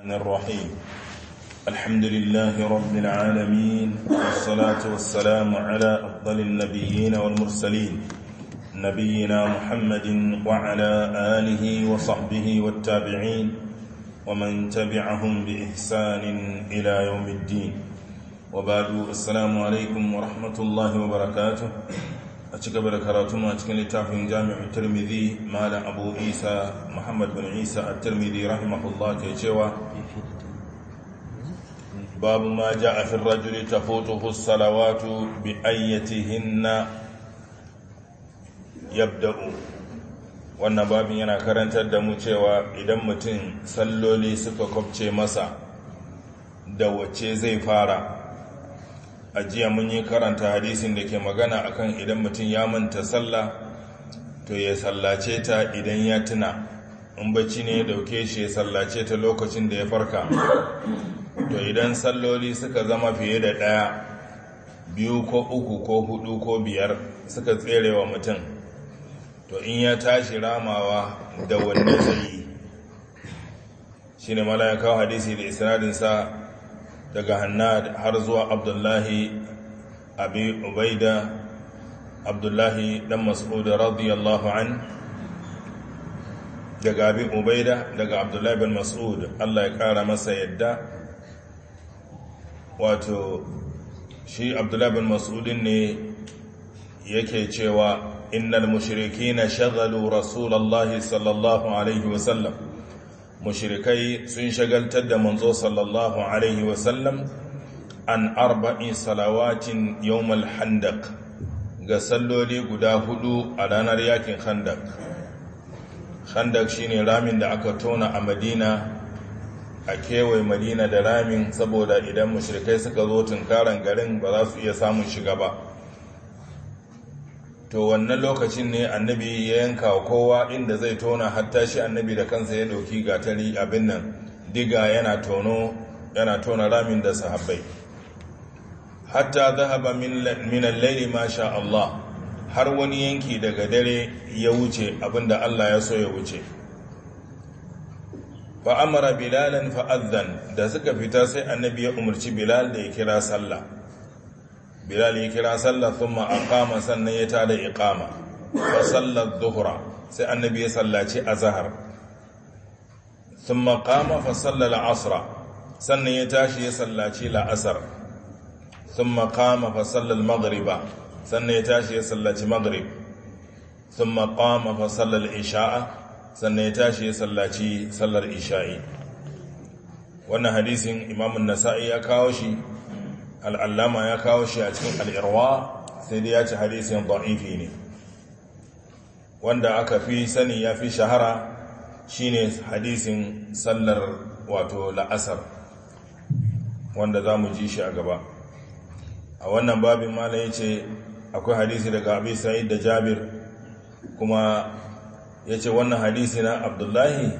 الرحيم الحمد لله رب العالمين والصلاة والسلام على أفضل النبيين والمرسلين نبينا محمد وعلى آله وصحبه والتابعين ومن تبعهم بإحسان إلى يوم الدين وبعد السلام عليكم ورحمة الله وبركاته أتكب لكراتما أتكن لتعفين جامع الترمذي مال أبو عيسى محمد بن عيسى الترمذي رحمه الله كيشوه باب ما جاء في الرجل تفوته الصلوات بأيتهن يبدأ wannan babin yana karantar da mu cewa idan mutum salloli suka kwabce masa da wacce zai fara a jiya mun yi karanta hadisin da ke magana akan idan mutum ya manta sallah to ya sallace ta idan ya tuna in bacci ne ya dauke shi ya sallace ta lokacin da ya farka to idan salloli suka zama fiye da ɗaya biyu ko uku ko hudu ko biyar suka tsere wa mutum to in ya tashi ramawa da wanne zai shi ne mala ya kawo hadisi da isnadinsa daga hannu har zuwa abdullahi abi ubaida abdullahi dan mas'ud radiyallahu an daga abi ubaida daga abdullahi bin mas'ud Allah ya kara masa yadda wato shi abdullahi bin mas'udin ne yake cewa innal na shagalu rasulallah sallallahu alaihi wasallam mushrikai sun shagaltar da manzo sallallahu alaihi wasallam an arba'in salawatin yawmal handak ga salloli guda hudu a ranar yakin handak handak shine ramin da aka tona a madina a kewaye madina da ramin saboda idan mushirikai suka zo tunkaran garin ba za su iya samun shiga ba to wannan lokacin ne annabi ya yanka kowa inda zai tona hatta shi annabi da kansa ya ɗauki gatari abin nan diga yana tona ramin da sahabbai hatta zahaba min al-layli ma sha Allah har wani yanki daga dare ya wuce abinda Allah ya so ya wuce fa amara bilalan fa adhan da suka fita sai annabi ya umarci bilal da ya kira sallah bilal ya kira sallah thumma aqama sannan ya tada iqama fa sallat dhuhra sai annabi ya sallaci azhar thumma qama fa sallala asra sannan ya tashi ya sallaci la'asar thumma qama fa sallal maghriba sannan ya tashi ya sallaci maghrib thumma qama fa sallal isha'a sannan ya tashi ya sallaci sallar isha'i wannan hadisin imamun nasa'i ya kawo shi al'allama ya kawo shi a cikin al'irwa sai dai ya ci hadisin da'ifi ne wanda aka fi sani ya fi shahara shine hadisin sallar wato la'asar wanda za mu ji shi a gaba a wannan babin malami ce akwai hadisi daga abin sa'id da jabir kuma ya ce wannan hadisi na abdullahi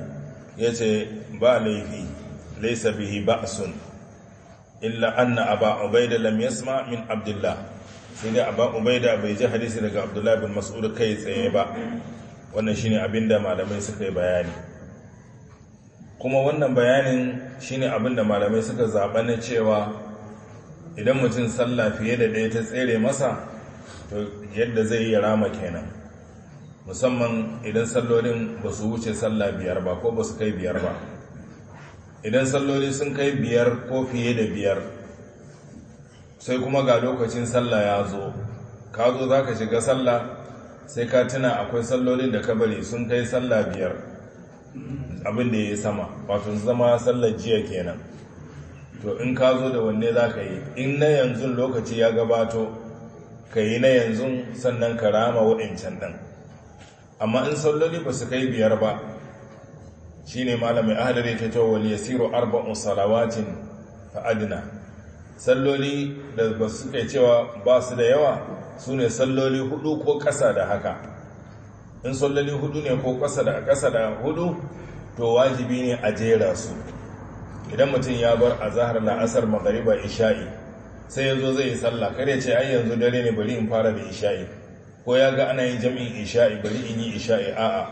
ya ce ba laifi laisa bihi ba'sun illa anna aba ubaida lam yasma min abdullah sai dai aba ubaida bai ji hadisi daga abdullahi bin mas'ud kai tsaye ba wannan shine abinda malamai suka yi bayani kuma wannan bayanin shine abinda malamai suka zaba na cewa idan mutum sallah fiye da ɗaya ta tsere masa to yadda zai yi rama kenan musamman idan sallolin ba su wuce sallah biyar ba ko ba su kai biyar ba idan salloli sun kai biyar ko fiye da biyar sai kuma ga lokacin sallah ya zo ka zo za ka shiga sallah sai ka tuna akwai sallolin da ka bari sun kai salla biyar abin da ya yi sama wato zama sallar jiya kenan to in ka zo da wanne za ka yi in na yanzu lokaci ya gabato ka yi na yanzu sannan ka rama waɗancan ɗan amma in salloli ba su kai biyar ba shi ne malamin ahalar ya ceto ya yasiru arba'un salawatin fa'adina salloli da ba su kai cewa ba su da yawa su ne salloli hudu ko ƙasa da haka in salloli hudu ne ko ƙasa da ƙasa da hudu to wajibi ne a jera su idan mutum ya bar a zahar la'asar magariba isha'i sai ya zai yi sallah kare ce ai yanzu dare ne bari in fara da isha'i ko ya ga ana yin jami'in isha'i bari in yi isha'i a'a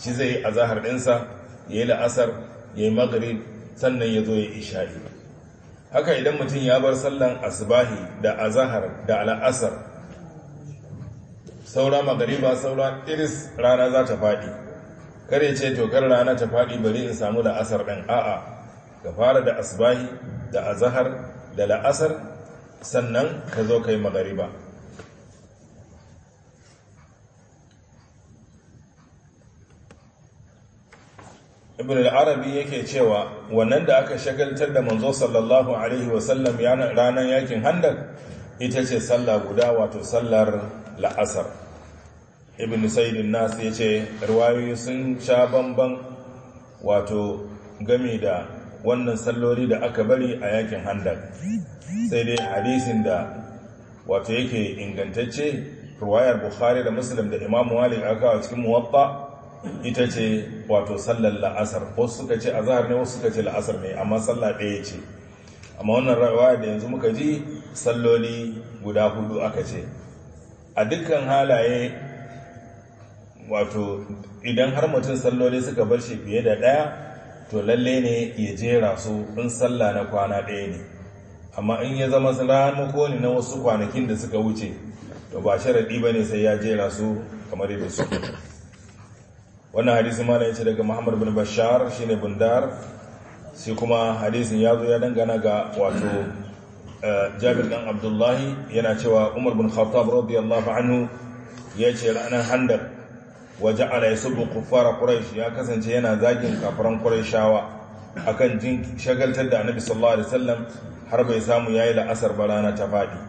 shi zai azahar ɗinsa ya yi la'asar ya yi magari sannan ya zo ya isha'i haka idan mutum ya bar sallan asibahi da azahar da al'asar saura ba saura iris rana za ta faɗi kare ce tokar rana ta faɗi bari in samu la'asar ɗin a'a ka fara da asbahi da azahar da la'asar sannan ka zo ka yi magariba ibn al-arabi yake cewa wannan da aka shagaltar da manzo sallallahu alaihi wasallam ranar yakin handak ita ce sallah guda wato sallar la'asar ibn saidin nas ya ce riwayoyi sun sha bamban wato game da wannan salloli da aka bari a yakin handa sai dai hadisin da wato yake ingantacce ruwayar bukhari da muslim da imamu malik aka cikin muwatta ita ce wato sallar la'asar wasu suka ce azahar ne wasu suka ce la'asar ne amma sallah ɗaya ce amma wannan rawa da yanzu muka ji salloli guda hudu aka ce a dukkan halaye wato idan har mutum salloli suka bar shi fiye da ɗaya to lalle ne ya jera su in sallah na kwana ɗaya ne amma in ya zama ramuko ne na wasu kwanakin da suka wuce to ba sharaɗi ba ne sai ya jera su kamar yadda su wannan hadisin ma yace daga Muhammad bin Bashar shine Bundar sai kuma hadisin ya zo ya dangana ga wato eh, Jabir dan Abdullahi yana cewa Umar bin Khattab radiyallahu anhu yace ranar Handar waje yasubbu kufara kuraish ya kasance yana zagin kafiran Qurayshawa akan shagaltar da Annabi sallallahu alaihi wasallam har bai samu yayi la'asar ba rana ta fadi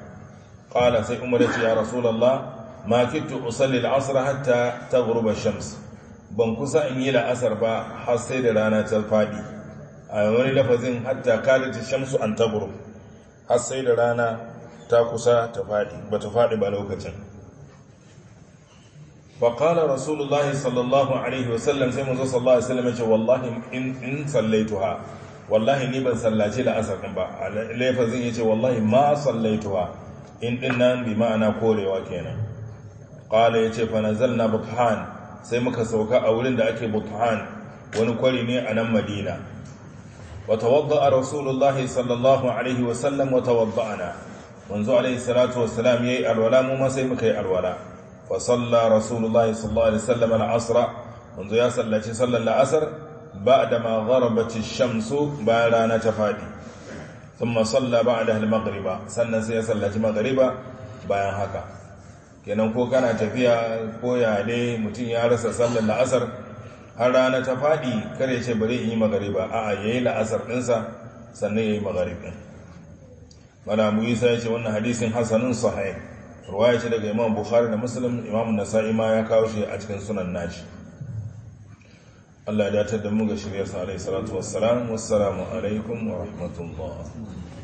qala sai Umar ya ce ya Rasulullah ma kittu usalli al-asr hatta taghruba ash-shams ban kusa in yi la'asar ba har sai da rana ta faɗi a wani lafazin hatta ta shamsu an taburu har sai da rana ta kusa ta faɗi ba ta faɗi ba lokacin faƙalar rasulullah sallallahu alaihi wasallam sai mazo sallallahu alaihi wasallam ya ce wallahi in sallaituha wallahi ni ban sallace la'asar ɗin ba a lafazin ya ce wallahi ma sallaituha in ɗin nan bi ma'ana korewa kenan ƙala ya ce fa zalna bukhan sai muka sauka a wurin da ake butuhan wani kwari ne a nan madina wata wadda a rasulullah sallallahu alaihi wasallam wata wadda ana wanzu alaihi salatu wasalam ya yi alwala mu ma sai muka yi alwala wa salla rasulullah sallallahu alaihi wasallam al'asra wanzu ya sallaci sallar la'asar ba da ma gharabati shamsu bayan rana ta faɗi sun masalla ba da halmagriba sannan sai ya sallaci magariba bayan haka kenan ko kana tafiya ko ya ne mutum ya rasa sallar la'asar har rana ta faɗi kare ce bari in yi magariba a'a ya yi la'asar ɗinsa sannan ya yi magaribin mana mu yi sai ce wannan hadisin hasanin ruwa ruwaya ce daga imam Buhari da muslim imam nasa'i ma ya kawo shi a cikin sunan nashi Allah ya datar da mu ga shirya sa alaihi salatu wassalam alaikum wa rahmatullah